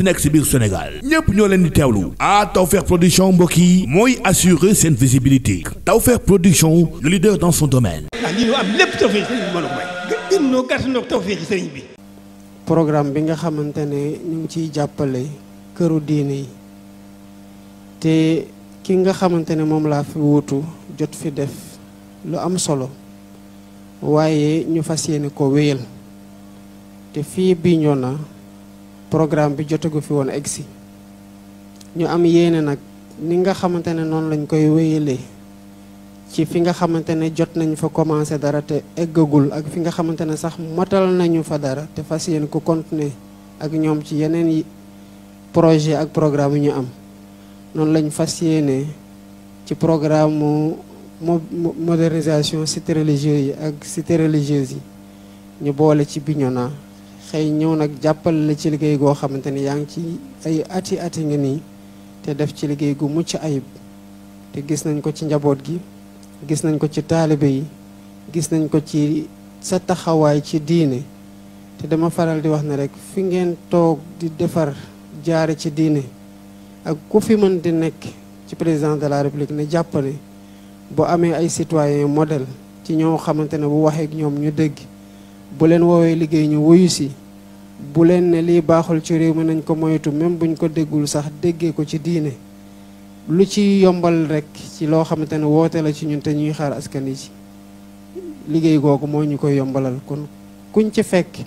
munti nekk si biir Sénégal ñépp ñoo leen di teewlu ah Tawfekh production mbokk yi mooy assurer seen visibilité Tawfekh production le leader dans son domaine. ah lii am bi programme bi nga xamante ne ñu ciy jàppale këru diine yi te ki nga xamante ne moom laa fi wutu jot fi def lu am solo waaye ñu fas yéene ko wéyal te fii biñoo na programme bi jotagu fi woon egsi ñu am yéene nag ni nga xamante ne noonu lañ koy wéyalee ci fi nga xamante ne jot nañu fa commencé dara te eggagul ak fi nga xamante ne sax matal nañu fa dara te fas yéene ko continuer ak ñoom ci yeneen yi projet ak programme yu ñu am noonu lañ fas yéene ci programme mu modernisation cité religieux yi ak cité religieuse yi ñu boole ci Bignona xëy ñëw nag jàppal la ci liggéey goo xamante ni yaa ngi ci ay ati ati nga nii te def ci liggéey gu mucc ayib te gis nañ ko ci njaboot gi gis nañ ko ci taalibe yi gis nañ ko ci sa taxawaay ci diine te dama faral di wax ne rek fi ngeen toog di defar jaare ci diine ak ku fi mën di nekk ci président de la république ne jàppale ne bu amee ay citoyen model ci ñoo xamante ne bu waxee ñoom ñu dégg bu leen woowee liggéey ñu wuyu si bu leen ne lii baaxul ci réew mi nañ ko moytu même buñ ko déggul sax déggee ko ci diine lu ci yombal rek ci loo xamante ne woote la ci ñun te ñuy xaar askan yi ci liggéey googu moo ñu koy yombalal kon kuñ ci fekk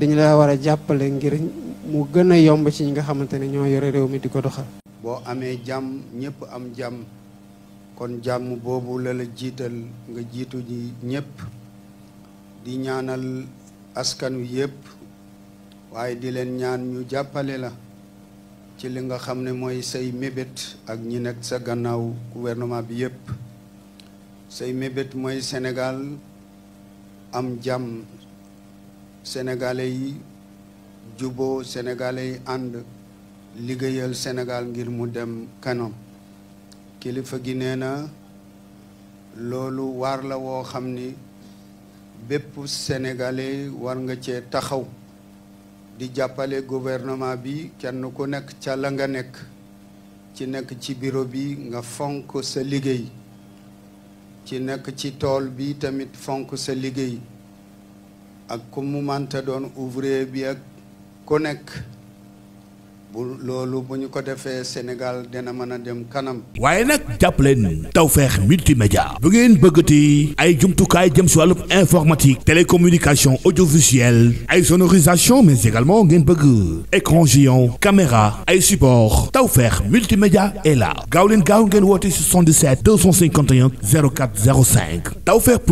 dañ la war a jàppale ngir mu gën a yomb ci ñi nga xamante ne ñoo yore réew mi di ko doxal. boo amee jàmm ñëpp am jàmm kon jàmm boobu lala jiital nga jiitu ñi ñëpp di ñaanal askan wi yëpp. waaye di leen ñaan ñu jàppale la ci li nga xam ne mooy say mébét ak ñi nekk sa gannaaw gouvernement bi yépp say mébét mooy Sénégal am jàmm sénégalais yi juboo sénégalais ànd liggéeyal Sénégal ngir mu dem kanam kilifa gi nee na loolu waar la woo xam ni bépp sénégalais war nga cee taxaw di jàppale gouvernement bi kenn ku nekk ca la nga nekk ci nekk ci bureau bi nga fonk sa liggéey ci nekk ci tool bi tamit fonk sa liggéey ak ku manta doon ouvrier bi ak ku nekk bu loolu bu ñu ko defee Sénégal dina mën a dem kanam. waaye nag jàppaleen Tawfekh multimédia. bu ngeen bëggati ay jumtukaay jëm si wàllu informatique. télécommunication audiovisuelle ay sonorisation mais également ngeen bëgg écran géant caméra ay support Tawfekh multimédia est la gaaw leen gaaw ngeen woote 77 251 04 05 Tawfekh.